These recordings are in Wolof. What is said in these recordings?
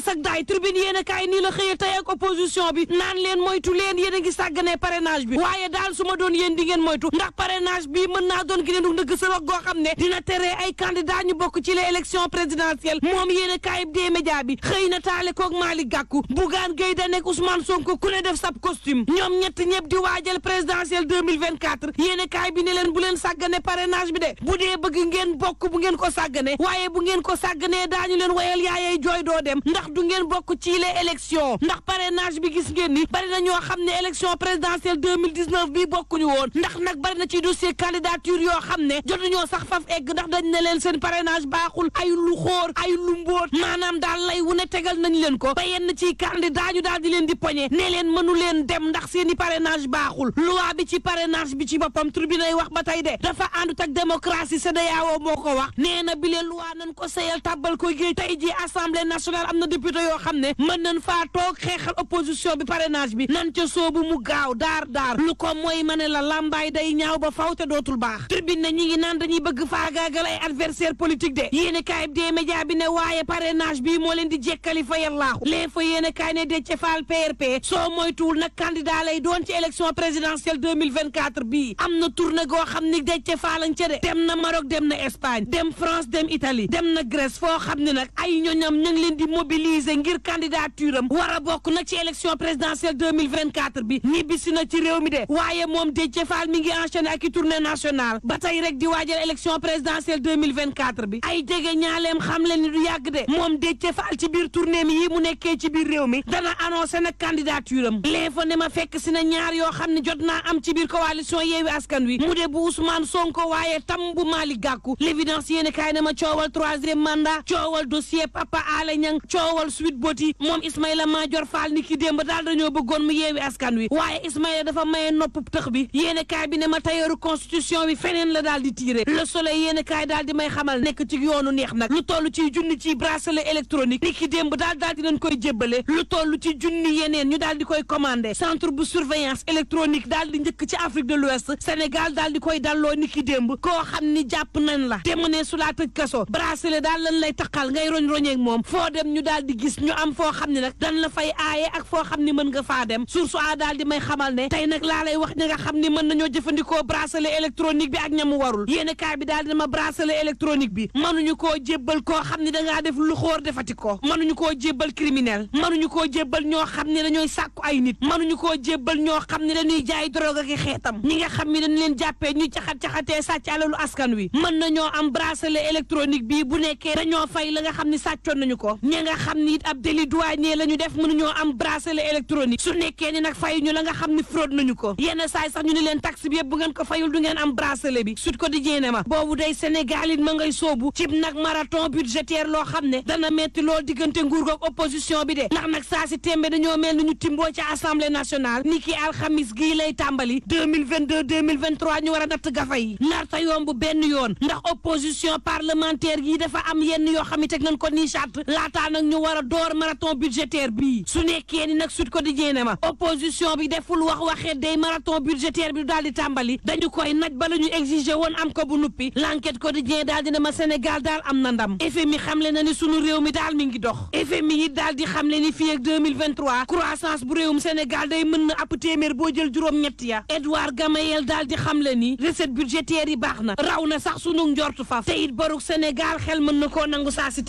takk sag daay tribune yéen a kaay nii la xëyee tey ak opposition bi naan leen moytu leen yéen a ngi sàggane parrainage bi waaye daal su doon yéen di ngeen moytu ndax parrainage bi mën naa doon gi neen ndëgg sëlak goo xam ne dina tere ay candidat ñu bokk ci les élections présidentielles moom yéen a kaay bi xëy na taale koog Malick Gakou Bougane Gueye Dany ak Ousmane ku ne def sab costume ñoom ñett ñëpp di waajal présidentielle 2024 yéen a kaay bi ne leen bu leen sàggane parrainage bi de bu dee bokk bu ko sàggane waaye bu ko sàgganee daañu leen wayal yaayay jooy doo ndax du ngeen bokk ci les élections ndax parrainage bi gis ngeen ni bari ñoo xam ne élection présidentielle 2019 bii bokkuñu woon ndax nag bari ci dossier candidature yoo xam ne jotuñoo sax faf egg ndax dañ ne leen seen parrainage baaxul ay lu xóor ay lu mbóot maanaam daal lay wu ne tegal nañ leen ko ba yenn ci candidat ñu daal leen di poñe ne leen mënu leen dem ndax seeni parrainage baaxul loi bi ci parrainage bi ci ba tey de député yoo xam ne mën nañ faa toog xeexal opposition bi parrainage bi nan ca soobu mu gaaw daar daar lu ko mooy ma ne la làmbaay day ñaaw ba faw te dootul baax tribune ne ñi ngi naan dañuy bëgg faagaagal ay adversaire politique de yéene kaay des média bi ne waaye parrainage bi moo leen di jekkali fa yallaaxu leen fa yéene kaay ne Déthié Fall PRP soo moytuwul nag candidat lay doon ci élection présidentielle 2024 bii am na tournée goo xam ni Déthié Fall lañ ca de dem na Maroc dem na Espagne dem France dem Italie dem na Grèce foo xam ne nag ay ñoñam ñu ngi leen di mobiliser mobiliser ngir candidature war a bokk nag ci élection présidentielle bi ñibbisi na ci réew mi de waaye moom Déthié Fall mi ngi enchaîné ak i tournée nationale ba rek di waajal élection présidentielle bi ay jege ñaaleem xam leen ni du yàgg de moom Déthié Fall ci biir tournée mi yi mu nekkee ci biir réew mi dana annoncé nag candidature am ne ma fekk si na ñaar yoo xam ne jot naa am ci biir coalition Yewwi Askan Wi mu de bu Ousmane Sonko waaye tam taxawal suite boti moom Ismaïla Madior Fall ni ki démb daal dañoo bëggoon mu yeewi askan wi waaye Ismaïla dafa maye nopp tëx bi yéene kaay bi ne ma tayeeru constitution bi feneen la daal di tiire le soleil yéene kaay daal di may xamal nekk ci yoonu neex nag lu toll ci junni ci bracelet électronique ni ki démb daal daal dinañ koy jébbale lu toll ci junni yeneen ñu daal di koy commandé centre bu surveillance électronique daal di njëkk ci Afrique de l'Ouest Sénégal daal di koy dalloo ni ki démb koo xam ni jàpp nañ la dem ne su laa tëj kaso di gis ñu am foo xam ne nag dan la fay aaye ak foo xam ne mën nga faa dem source a daal di may xamal ne tey nag laa lay wax ñi nga xam ne mën nañoo jëfandikoo bracelet électronique bi ak ñamu warul yéeni kaay bi daal di ma bracelet électronique bi mënuñu koo jébbal koo xam ko mënuñu koo jébbal criminel mënuñu koo jébbal ñoo xam ne dañooy sàkku ay nit mënuñu koo jébbal ñoo xam ne mën nañoo am bracelet électronique bi bu nekkee dañoo fay la nga xam ne sàccoon nañu ko ñi nga xam xam ni it ab délit douanier la ñu def mënuñoo am bracelet électronique su nekkee ni nag fayuñu la nga xam ni fraude nañu ko yenn saay sax ñu ni leen taxe bi yëpp ngeen ko fayul du ngeen am bracelet bi sut ko di jéene ma boobu day Sénégal ma ngay soobu cib nag marathon budgétaire loo xam ne dana metti lool diggante nguur goog opposition bi de ndax nag saa si témbe dañoo mel ni timboo ci assemblée nationale ni alxamis gii lay tàmbali ñu war a natt gafa yi narta war a door marathon budgétaire bii su nekkee ni nag sut ko di ma opposition bi deful wax waxee day marathon budgétaire bi daal di tàmbali dañu koy naj ba la ñu exiger woon am ko bu nuppi l'enquête quotidien daal dina ma Sénégal daal am na ndam FMI xamle na ni sunu réew mi daal mi ngi dox FMI yi daal di xamle ni fii ak 2023 croissance bu réewum Sénégal day mën na ab téeméer boo jël juróom-ñett ya Edouard Gamayel daal di xamle ni recette budgétaire yi na raw na sax sunu njortu faf te it xel mën na koo nangu saa si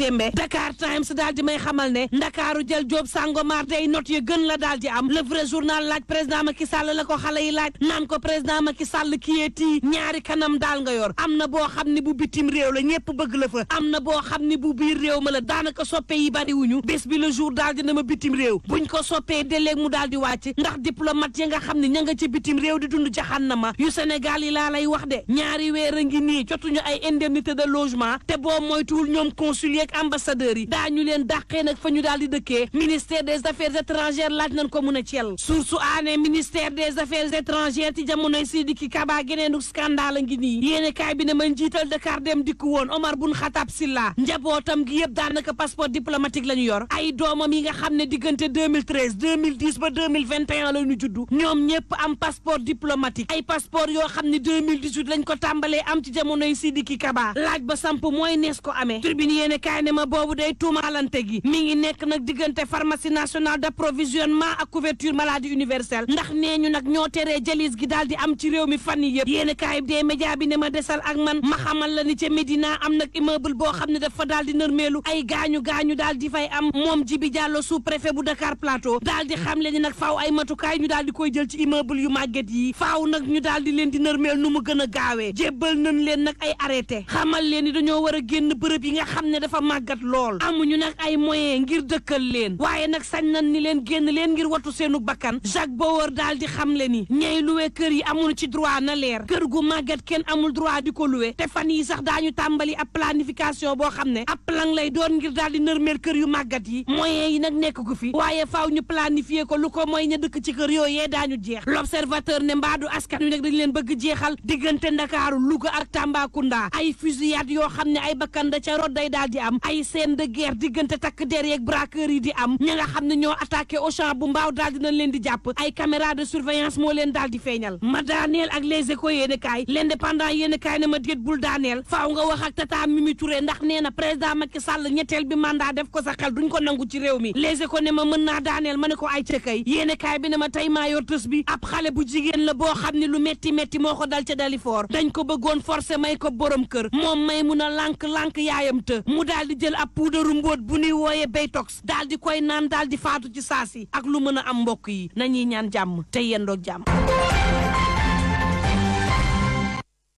xamal ne ndakaaru jël joob sangomar day not ya gën la daal di am le vrai journal laaj président Macky Sall la ko xale yi laaj naan ko président Macky Sall kiyeetii ñaari kanam daal nga yor am na boo xam ne bu bitim réew la ñépp bëgg la fa am na boo xam ne bu biir réew ma la daanaka soppe yi bari wuñu bés bi le jour daal dina ma bitim réew buñ ko soppee déléeg mu daal di wàcc ndax diplomate yi nga xam ne ña nga ci bitim réew di dund jaxan na ma yu Sénégal yi laa lay wax de ñaari weer a ngi nii jotuñu ay indemnité de logement te boo moytuwul ñoom consulier ak ambassadeurs yi daañu leen dàq xëy nag fa ñu daal di dëkkee ministère des affaires étrangères laaj nañ ko mun a ciel source aané ministère des affaires étrangères ci jamonoy Sidiki Kaba geneenu scandale ngi nii yéene kaay bi ne ma njiital Dakar dem dikk woon Omar Bun Xataab Silla njabootam gi yëpp daanaka passeport diplomatique la ñu yor ay doomam yi nga xam ne diggante 2013 2010 ba 2021 la ñu juddu ñoom ñëpp am passeport diplomatique ay passeport yoo xam ne 2018 lañ ko tàmbalee am ci jamonoy Sidiki Kaba laaj ba samp mooy nees ko amee tribune yéene kaay ne ma boobu day tuumaalante yi mi ngi nekk nag diggante pharmacie nationale d'approvisionnement ak couverture maladie universelle ndax nee ñu nag ñoo teree jalis gi daal di am ci réew mi fan yi yëpp yéen kaay dee média bi ne ma desal ak man ma xamal la ni ca Médina am nag immeuble boo xam ne dafa daal di nërmeelu ay gaañu gaañu daal di fay am moom Jibi jàll sous préfet bu Dakar Plateau daal di xam le ni nag faaw ay matukaay ñu daal di koy jël ci immeuble yu màgget yi faaw nag ñu daal di leen di nërmeel nu mu gën a gaawee jébbal nañ leen nag ay arrêté xamal leen ni dañoo war a génn bërëb yi nga xam ne dafa màggat lool moyen ngir dëkkal leen waaye nag sañ na ni leen génn leen ngir watu seenu bakkan Jacques Bauer daal di xam le ni ñey luwe kër yi amul ci droit na leer kër gu màgget kenn amul droit di ko luwe te fan yi sax daañu tàmbali ab planification boo xam ne ab plan lay doon ngir daal di nërmeel kër yu màggat yi moyen yi nag nekk ko fi waaye faw ñu planifier ko lu ko mooy ña dëkk ci kër yooyee daañu jeex l'observateur ne mbaadu askan wi nag dañ leen bëgg jeexal diggante Ndakaaru Louga ak Tambacounda ay fusillade yoo xam ne ay bakkan da ca rod di am ay scène de diggante takk takk der yeeg braqueur yi di am ña nga xam ne ñoo attaqué Auchan bu mbaaw daal dinañ leen di jàpp ay caméra de surveillance moo leen daal feeñal ma daaneel ak les échos yéen kaay l'indépendant yéen kaay ne ma déet bul daaneel faaw nga wax ak tata Mimi Touré ndax nee na président Macky ñetteel bi mandat def ko sa xel duñ ko nangu ci réew mi les échos ne ma mën naa daaneel ma ne ko ay cëkkay yéen kaay bi ne ma tey maa tës bi ab xale bu jigéen la boo xam ne lu a lànk wooyee Baytox daal di koy naan daal di faatu ci saasi ak lu mën a am mbokk yi nañuy ñaan jàmm te yendoog jàmm